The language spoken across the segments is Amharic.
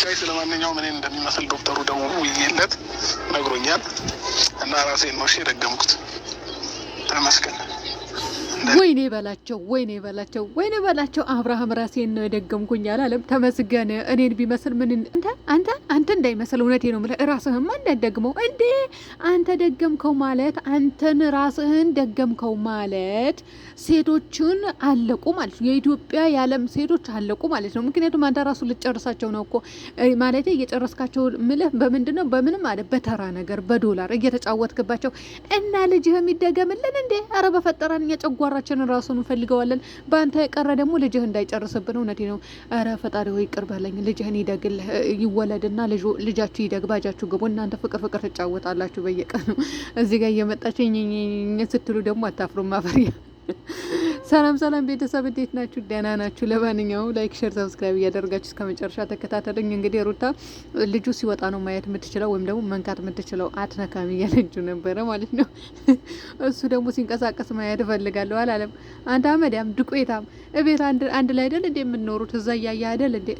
ጋይ ስለማንኛውም እኔን እንደሚመስል ዶክተሩ ደውሎ ውይይለት ነግሮኛል እና ራሴ ነው ደገምኩት። ተመስገን። ወይኔ በላቸው፣ ወይኔ በላቸው፣ ወይኔ በላቸው። አብርሃም ራሴን ነው የደገምኩኝ አላለም። ተመስገን። እኔን ቢመስል ምን አንተ አንተ አንተ እንዳይመስል እውነቴ ነው የምልህ። ራስህማ እንዳትደግመው እንዴ! አንተ ደገምከው ማለት አንተን ራስህን ደገምከው ማለት ሴቶችን አለቁ ማለት ነው። የኢትዮጵያ የዓለም ሴቶች አለቁ ማለት ነው። ምክንያቱም አንተ ራሱ ልጨርሳቸው ነው እኮ ማለት እየጨረስካቸው ምልህ በምንድን ነው? በምንም አለ በተራ ነገር በዶላር እየተጫወትክባቸው እና ልጅህ የሚደገምልን እንዴ? አረ በፈጠራን እኛ ጨጓራ የቀራችንን ራሱን እንፈልገዋለን። በአንተ የቀረ ደግሞ ልጅህ እንዳይጨርስብን። እውነቴ ነው። ኧረ ፈጣሪ ሆይ ይቅር በለኝ። ልጅህን ይደግል ይወለድና ልጃችሁ ይደግ። ባጃችሁ ግቡ እናንተ ፍቅር ፍቅር ትጫወጣላችሁ በየቀኑ እዚህ ጋር እየመጣችሁ ስትሉ ደግሞ አታፍሩ ማፈሪያ ሰላም ሰላም ቤተሰብ እንዴት ናችሁ? ደህና ናችሁ? ለማንኛውም ላይክ፣ ሼር፣ ሰብስክራይብ እያደረጋችሁ እስከ መጨረሻ ተከታተለኝ። እንግዲህ ሩታ ልጁ ሲወጣ ነው ማየት የምትችለው ወይም ደግሞ መንካት የምትችለው አትነካም እያለችው ነበረ ማለት ነው። እሱ ደግሞ ሲንቀሳቀስ ማየት እፈልጋለሁ አላለም። አንተ አመዳም ድቆታም እቤት አንድ ላይ አይደል እንዴ የምንኖሩት? እዛ እያየ አይደል እንዴ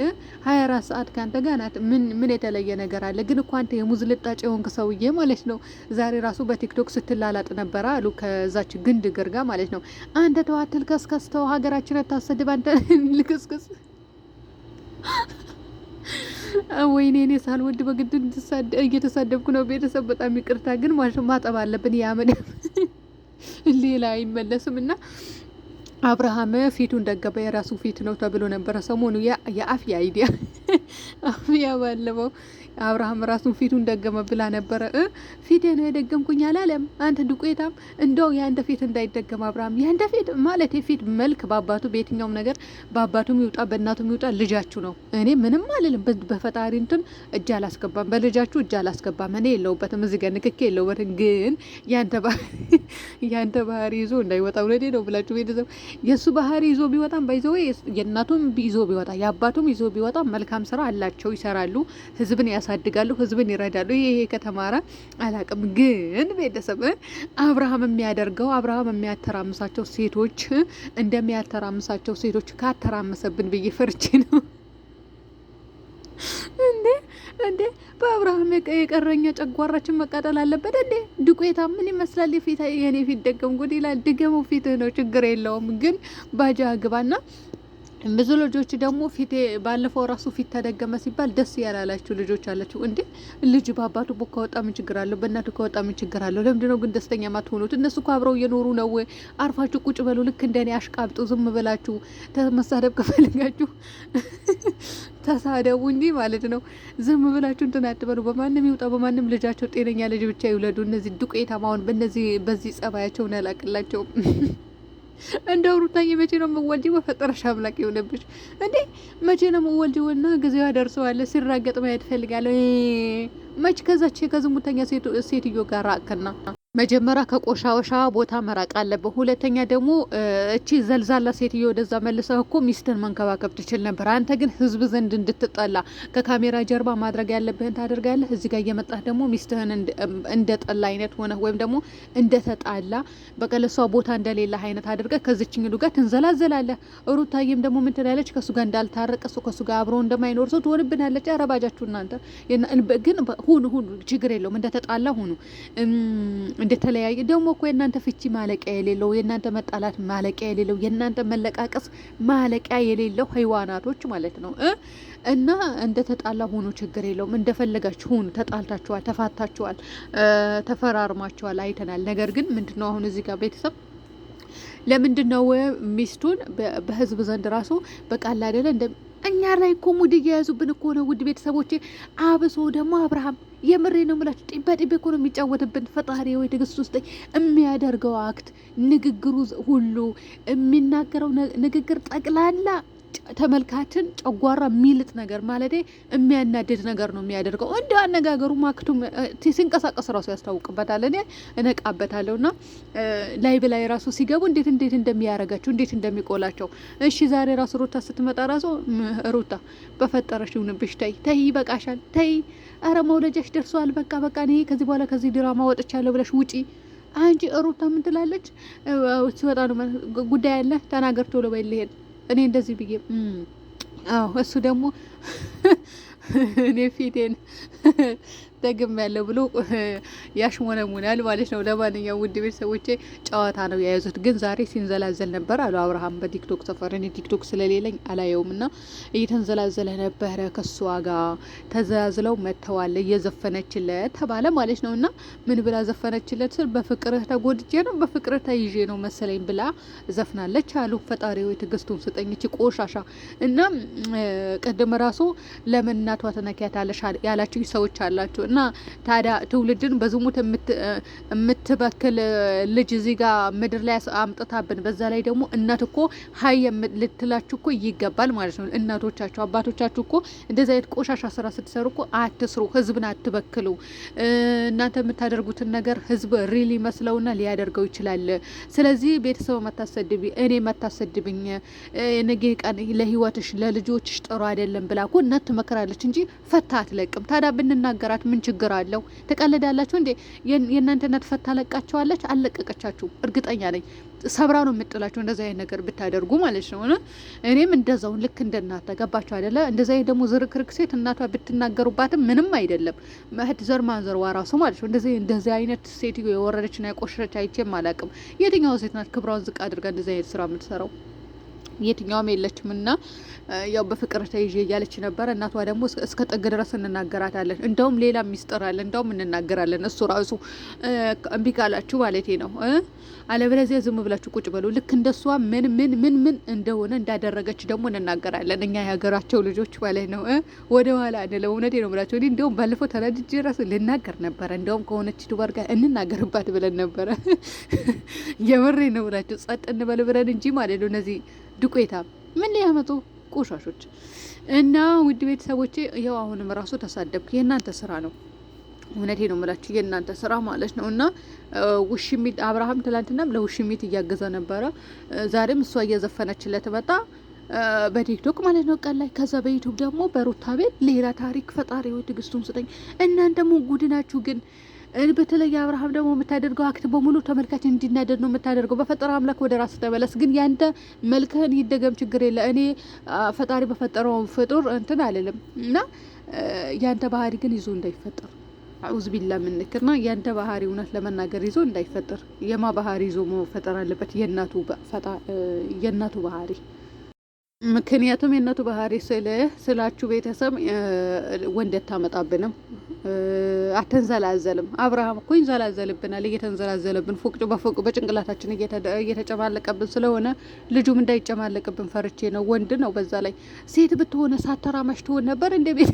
ሀያ አራት ሰዓት ከአንተ ጋር ናት። ምን ምን የተለየ ነገር አለ? ግን እኮ አንተ የሙዝ ልጣጭ የሆንክ ሰውዬ ማለት ነው። ዛሬ ራሱ በቲክቶክ ስትላላጥ ነበረ አሉ ከዛች ግንድ ግር ማለት ነው። አንተ ተዋት ተልከስከስተው ሀገራችን አታሰድብ አንተ ልክስክስ። ወይኔ እኔ ሳልወድ በግድ እየተሳደብኩ ነው ቤተሰብ። በጣም ይቅርታ ግን ማጠብ አለብን። ያመን ሌላ አይመለስም እና አብርሃም ፊቱ እንደገባ የራሱ ፊት ነው ተብሎ ነበረ ሰሞኑ የአፍ አይዲያ ያ ባለፈው አብርሃም ራሱን ፊቱን ደገመ ብላ ነበረ። ፊቴ ነው የደገምኩኝ አላለም። አንተ ዱቄታም፣ እንደው ያንተ ፊት እንዳይደገም አብርሃም፣ ያንተ ፊት ማለት የፊት መልክ በአባቱ በየትኛውም ነገር በአባቱም ይውጣ በእናቱም ይውጣ ልጃችሁ ነው። እኔ ምንም አልልም። በፈጣሪ እንትን እጅ አላስገባም፣ በልጃችሁ እጅ አላስገባም። እኔ የለውበትም፣ እዚህ ጋር ንክኬ የለውበትም። ግን ያንተ ባህሪ ይዞ እንዳይወጣ ውለዴ ነው ብላችሁ ቤተሰብ የእሱ ባህሪ ይዞ ቢወጣም ባይዘወ የእናቱም ይዞ ቢወጣ የአባቱም ይዞ ቢወጣ መልካም ስራ አላቸው፣ ይሰራሉ፣ ህዝብን ያሳድጋሉ፣ ህዝብን ይረዳሉ። ይሄ ከተማረ አላቅም። ግን ቤተሰብ አብርሃም የሚያደርገው አብርሃም የሚያተራምሳቸው ሴቶች እንደሚያተራምሳቸው ሴቶች ካተራመሰብን ብዬ ፈርቼ ነው። እንዴ እንዴ! በአብርሃም የቀረኛ ጨጓራችን መቃጠል አለበት እንዴ! ድቆታ ምን ይመስላል? የኔ ፊት ደገም ጉድ ይላል። ድገሙ ፊትህ ነው ችግር የለውም ግን ባጃ ግባና ብዙ ልጆች ደግሞ ፊት ባለፈው ራሱ ፊት ተደገመ ሲባል ደስ ያላላችሁ ልጆች አላችሁ። እንዴ ልጅ በአባቱ እኮ ከወጣ ምን ችግር በእናቱ ከወጣ ምን ችግር አለው? ለምንድን ነው ግን ደስተኛ ማትሆኑት? እነሱ እኮ አብረው እየኖሩ ነው። አርፋችሁ ቁጭ በሉ። ልክ እንደኔ አሽቃብጡ። ዝም ብላችሁ መሳደብ ከፈልጋችሁ ተሳደቡ እንጂ ማለት ነው። ዝም ብላችሁ እንትን አትበሉ። በማንም ይውጣ በማንም ልጃቸው ጤነኛ ልጅ ብቻ ይውለዱ። እነዚህ ዱቄታማውን በእነዚህ በዚህ ጸባያቸውን ያላቅላቸውም። እንደው ሩታዬ መቼ ነው የምወልጂው? በፈጠረሽ አምላክ ይሆነብሽ እንዴ! መቼ ነው የምወልጂው? እና ጊዜው ያደርሰዋል ሲራገጥ ማየት ፈልጋለሁ። መች ከዛች ከዝሙተኛ ሴትዮ ጋር አቅና መጀመሪያ ከቆሻሻ ቦታ መራቅ አለብህ። ሁለተኛ ደግሞ እቺ ዘልዛላ ሴትዮ ወደዛ መልሰህ እኮ ሚስትን መንከባከብ ትችል ነበር። አንተ ግን ህዝብ ዘንድ እንድትጠላ ከካሜራ ጀርባ ማድረግ ያለብህን ታደርጋለህ። እዚህ ጋር እየመጣህ ደግሞ ሚስትህን እንደጠላ አይነት ሆነህ ወይም ደግሞ እንደተጣላ በቃ ለሷ ቦታ እንደሌለህ አይነት አድርገህ ከዚችኝሉ ጋር ትንዘላዘላለህ። ሩታዬም ደግሞ ምን ትላለች? ከሱ ጋር እንዳልታረቀ ሰው ከሱ ጋር አብሮ እንደማይኖር ሰው ትሆንብናለች። አረባጃችሁ እናንተ ግን ሁኑ ሁኑ፣ ችግር የለውም እንደተጣላ ሁኑ እንደተለያየ ደግሞ እኮ የእናንተ ፍቺ ማለቂያ የሌለው የእናንተ መጣላት ማለቂያ የሌለው የእናንተ መለቃቀስ ማለቂያ የሌለው ህይዋናቶች ማለት ነው እና እንደ ተጣላ ሆኖ ችግር የለውም። እንደፈለጋችሁ ሆኑ። ተጣልታችኋል፣ ተፋታችኋል፣ ተፈራርማችኋል፣ አይተናል። ነገር ግን ምንድነው አሁን እዚህ ጋር ቤተሰብ ለምንድን ነው ሚስቱን በህዝብ ዘንድ ራሱ በቃል አይደለ እንደ እኛ ላይ እኮ ሙድ እየያዙብን እኮ ነው። ውድ ቤተሰቦቼ አብሶ ደግሞ አብርሃም የምሬ ነው የምላችሁ። ጢባ ጢቤ እኮ ነው የሚጫወትብን ፈጣሪ ወይ ትግስት ውስጥ የሚያደርገው አክት ንግግሩ ሁሉ የሚናገረው ንግግር ጠቅላላ ተመልካችን ጨጓራ የሚልጥ ነገር ማለት የሚያናድድ ነገር ነው የሚያደርገው። እንደ አነጋገሩ ማክቱም ሲንቀሳቀስ ራሱ ያስታውቅበታል። እኔ እነቃበታለሁ እና ላይ ላይ ራሱ ሲገቡ እንዴት እንዴት እንደሚያረጋቸው እንዴት እንደሚቆላቸው። እሺ ዛሬ ራሱ ሩታ ስትመጣ ራሱ ሩታ በፈጠረሽ ይሁንብሽ፣ ተይ ተይ፣ ይበቃሻል፣ ተይ፣ አረ መውለጃሽ ደርሷል፣ በቃ በቃ፣ እኔ ከዚህ በኋላ ከዚህ ድራማ ወጥቻለሁ ብለሽ ውጪ አንቺ ሩታ ምን ትላለች? ነው ጉዳይ አለ፣ ተናገር፣ ቶሎ በይ፣ ልሄድ እኔ እንደዚህ ብዬ አዎ እሱ ደግሞ እኔ ፊቴን ደግም ያለው ብሎ ያሽሞነሙናል ማለት ነው። ለማንኛውም ውድ ቤተሰቦቼ ጨዋታ ነው የያዙት። ግን ዛሬ ሲንዘላዘል ነበር አሉ አብርሃም በቲክቶክ ሰፈር። እኔ ቲክቶክ ስለሌለኝ አላየውም እና እየተንዘላዘለ ነበረ ከሷ ጋር ተዘላዝለው መጥተዋል። እየዘፈነችለት ተባለ ማለት ነው እና ምን ብላ ዘፈነችለት ስል በፍቅርህ ተጎድጄ ነው በፍቅርህ ተይዤ ነው መሰለኝ ብላ ዘፍናለች አሉ። ፈጣሪ ወይ ትዕግስቱን ስጠኝ ቆሻሻ። እና ቅድም ራሱ ለምን እናቷ ትነኪያታለሽ ያላችሁ ሰዎች አላችሁ እና ታዲያ ትውልድን በዝሙት የምትበክል ልጅ እዚህ ጋር ምድር ላይ አምጥታብን፣ በዛ ላይ ደግሞ እናት እኮ ሀይ ልትላችሁ እኮ ይገባል ማለት ነው። እናቶቻችሁ አባቶቻችሁ እኮ እንደዚ አይነት ቆሻሻ ስራ ስትሰሩ እኮ አትስሩ፣ ህዝብን አትበክሉ። እናንተ የምታደርጉትን ነገር ህዝብ ሪል ይመስለውና ሊያደርገው ይችላል። ስለዚህ ቤተሰብ መታሰድቢ እኔ መታሰድብኝ ነገ ቀን ለህይወትሽ ለልጆችሽ ጥሩ አይደለም ብላ እኮ እናት ትመክራለች እንጂ ፈታ አትለቅም። ታዲያ ብንናገራት ምን ችግር አለው? ትቀልዳላችሁ እንዴ? የእናንተ እናት ፈታ ለቃቸዋለች? እርግጠኛ ነኝ ሰብራ ነው የምጥላችሁ፣ እንደዚ አይነት ነገር ብታደርጉ ማለት ነው። እኔም እንደዛውን ልክ እንደናተ ገባችሁ አይደለ? እንደዚ ደግሞ ዝርክርክ ሴት እናቷ ብትናገሩባትም ምንም አይደለም። መህድ ዘር ማንዘር ዋራሱ ማለት ነው። እንደዚህ አይነት ሴትዮ የወረደችና የቆሸረች አይቼም አላቅም። የትኛው ሴት ናት ክብሯን ዝቅ አድርጋ እንደዚህ አይነት ስራ የምትሰራው? የትኛውም የለችም እና ያው በፍቅር ተይዤ እያለች ነበረ። እናቷ ደግሞ እስከ ጥግ ድረስ እንናገራታለን። እንደውም ሌላ ሚስጥር አለ፣ እንደውም እንናገራለን። እሱ ራሱ እምቢ ካላችሁ ማለቴ ነው። አለበለዚያ ዝም ብላችሁ ቁጭ በሉ። ልክ እንደሷ ምን ምን ምን ምን እንደሆነ እንዳደረገች ደግሞ እንናገራለን። እኛ የሀገራቸው ልጆች ማለት ነው፣ ወደ ኋላ አንለው። እውነቴ ነው ብላቸው። እንደውም ባለፈው ተናድጄ ራስ ልናገር ነበረ። እንደውም ከሆነች ዱባር ጋር እንናገርባት ብለን ነበረ። የምሬ ነው ብላቸው ጸጥ እንበል ብለን እንጂ ማለት ነው እነዚህ ዱቄታ ምን ሊያመጡ ቆሻሾች እና ውድ ቤተሰቦቼ ይኸው አሁንም ራሱ ተሳደብኩ። የእናንተ ስራ ነው። እውነቴ ነው የምላችሁ የእናንተ ስራ ማለት ነው። እና ውሽሚት አብርሃም ትላንትናም ለውሽሚት እያገዘ ነበረ። ዛሬም እሷ እየዘፈነችለት መጣ በቲክቶክ ማለት ነው ቀን ላይ። ከዛ በዩቱብ ደግሞ በሩታ ቤት ሌላ ታሪክ። ፈጣሪ ወይ ትዕግስቱን ስጠኝ። እናንተ ደግሞ ግን በተለይ አብርሃም ደግሞ የምታደርገው አክት በሙሉ ተመልካች እንዲናደድ ነው የምታደርገው። በፈጠረ አምላክ ወደ ራስ ተመለስ። ግን ያንተ መልክህን ይደገም፣ ችግር የለ። እኔ ፈጣሪ በፈጠረው ፍጡር እንትን አልልም እና ያንተ ባህሪ ግን ይዞ እንዳይፈጠር አዑዝ ቢላ ምንክር ና ያንተ ባህሪ እውነት ለመናገር ይዞ እንዳይፈጠር። የማ ባህሪ ይዞ መፈጠር አለበት? የእናቱ ባህሪ ምክንያቱም የእነቱ ባህሪ ስለ ስላችሁ ቤተሰብ ወንድ ታመጣብንም አተንዘላዘልም። አብርሃም እኮ ይንዘላዘልብናል፣ እየተንዘላዘለብን ፎቅ በፎቅ በጭንቅላታችን እየተጨማለቀብን ስለሆነ ልጁም እንዳይጨማለቅብን ፈርቼ ነው። ወንድ ነው። በዛ ላይ ሴት ብትሆነ ሳተራማሽ ትሆን ነበር እንደ ቤት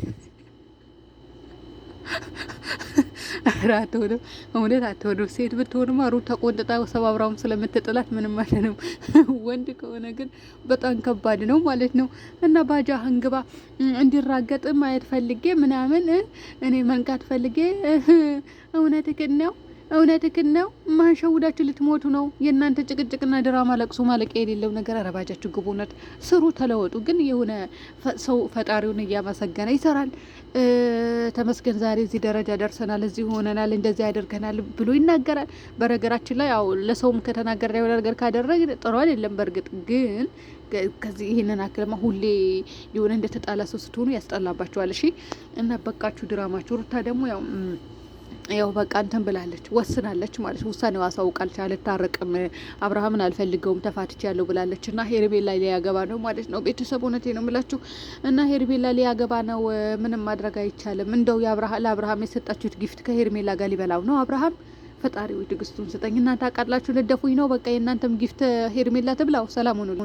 ኧረ አትሆንም፣ እውነት አትሆንም። ሴት ብትሆንማ ሩት ተቆንጥጣ ሰባብራውም ስለምትጥላት ምንም አይሆንም። ወንድ ከሆነ ግን በጣም ከባድ ነው ማለት ነው። እና ባጃ አንግባ እንዲራገጥ ማየት ፈልጌ ምናምን እኔ መንቃት ፈልጌ እውነትህን ነው እውነትህን ነው። ማንሸውዳችሁ ልትሞቱ ነው። የእናንተ ጭቅጭቅና ድራማ ለቅሶ ማለቂያ የሌለው ነገር። አረባጃችሁ ግቡ። እውነት ስሩ፣ ተለወጡ። ግን የሆነ ሰው ፈጣሪውን እያመሰገነ ይሰራል። ተመስገን ዛሬ እዚህ ደረጃ ደርሰናል፣ እዚህ ሆነናል፣ እንደዚህ ያደርገናል ብሎ ይናገራል። በነገራችን ላይ ያው ለሰውም ከተናገረ የሆነ ነገር ካደረግ ጥሩ አይደለም። በእርግጥ ግን ከዚህ ይህንን አክልማ ሁሌ የሆነ እንደተጣላ ሰው ስትሆኑ ያስጠላባቸዋል። እሺ እና በቃችሁ ድራማችሁ። ሩታ ደግሞ ያው ያው በቃ እንትን ብላለች ወስናለች ማለት ውሳኔው አሳውቃለች። አልታረቅም አብርሃምን አልፈልገውም ተፋትቼ ያለው ብላለች። እና ሄርቤላ ሊያገባ ነው ማለት ነው ቤተሰብ። እውነቴ ነው ምላችሁ። እና ሄርቤላ ሊያገባ ነው። ምንም ማድረግ አይቻልም። እንደው ለአብርሃም የሰጣችሁት ጊፍት ከሄርሜላ ጋር ሊበላው ነው አብርሃም። ፈጣሪ ትዕግስቱን ስጠኝ። እናንተ አቃጥላችሁ ልደፉኝ ነው በቃ የእናንተም ጊፍት ሄርሜላ ትብላው። ሰላም ሁኑ።